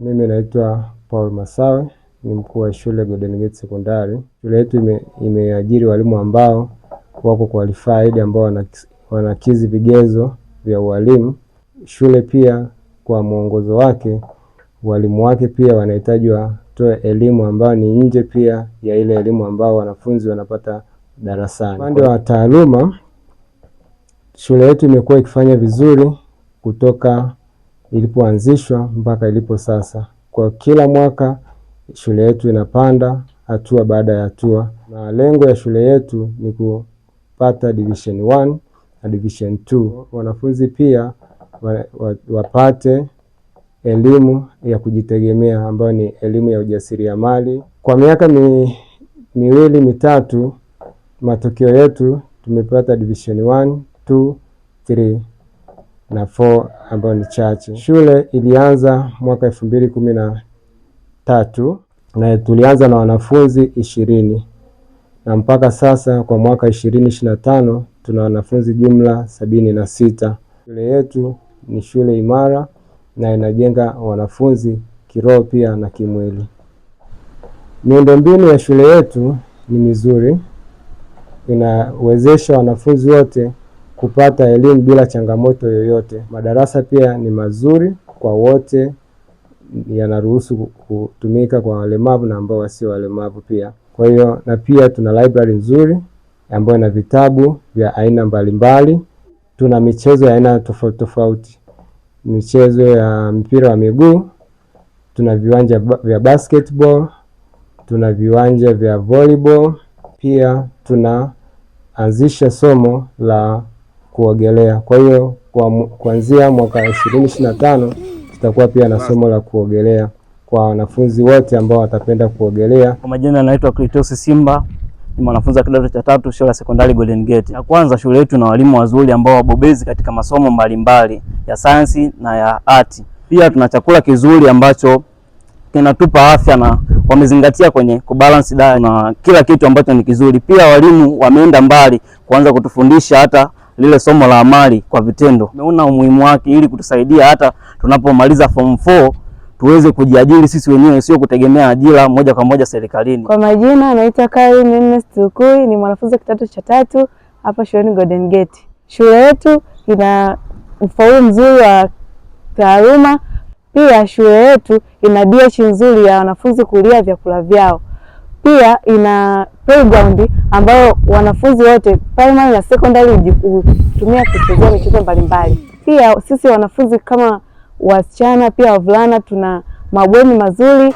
Mimi naitwa Paul Masawe, ni mkuu wa shule Golden Gate Sekondari. Shule yetu imeajiri walimu ambao wako qualified, ambao wanakizi vigezo vya ualimu. Shule pia kwa mwongozo wake, walimu wake pia wanahitaji watoe elimu ambayo ni nje pia ya ile elimu ambao wanafunzi wanapata darasani. Upande wa taaluma, shule yetu imekuwa ikifanya vizuri kutoka ilipoanzishwa mpaka ilipo sasa. Kwa kila mwaka shule yetu inapanda hatua baada ya hatua, na lengo ya shule yetu ni kupata division 1 na division 2. Wanafunzi pia wapate elimu ya kujitegemea ambayo ni elimu ya ujasiriamali. Kwa miaka mi, miwili mitatu, matokeo yetu tumepata division 1, 2, 3 na 4 ambayo ni chache. Shule ilianza mwaka elfu mbili kumi na tatu na tulianza na wanafunzi ishirini na mpaka sasa kwa mwaka ishirini ishirini na tano tuna wanafunzi jumla sabini na sita. Shule yetu ni shule imara na inajenga wanafunzi kiroho pia na kimwili. Miundombinu ya shule yetu ni mizuri, inawezesha wanafunzi wote kupata elimu bila changamoto yoyote. Madarasa pia ni mazuri kwa wote, yanaruhusu kutumika kwa walemavu na ambao wasio walemavu pia. Kwa hiyo na pia tuna library nzuri ambayo ina vitabu vya aina mbalimbali. Tuna michezo ya aina tofauti tofauti, michezo ya mpira wa miguu, tuna viwanja vya basketball, tuna viwanja vya volleyball. Pia tunaanzisha somo la kuogelea. Kwa hiyo kuanzia mwaka ishirini na tano tutakuwa pia na somo la kuogelea kwa wanafunzi wote ambao watapenda kuogelea. Kwa majina anaitwa Kritos Simba, ni mwanafunzi wa kidato cha tatu shule ya sekondari Golden Gate. Na kwanza shule yetu na walimu wazuri ambao wabobezi katika masomo mbalimbali ya sayansi na ya arti. Pia tuna chakula kizuri ambacho kinatupa afya na wamezingatia kwenye kubalance diet na kila kitu ambacho ni kizuri. Pia walimu wameenda mbali kuanza kutufundisha hata lile somo la amali kwa vitendo. Umeona umuhimu wake ili kutusaidia hata tunapomaliza form 4 tuweze kujiajiri sisi wenyewe, sio kutegemea ajira moja kwa moja serikalini. Kwa majina anaitwa Karim Ernest Tukui, ni mwanafunzi kidato cha tatu hapa shuleni Golden Gate. Shule yetu ina ufaulu mzuri wa taaluma, pia shule yetu ina dishi nzuri ya wanafunzi kulia vyakula vyao pia ina playground ambayo wanafunzi wote primary na secondary hutumia kuchezea michezo mbalimbali. Pia sisi wanafunzi kama wasichana pia wavulana tuna mabweni mazuri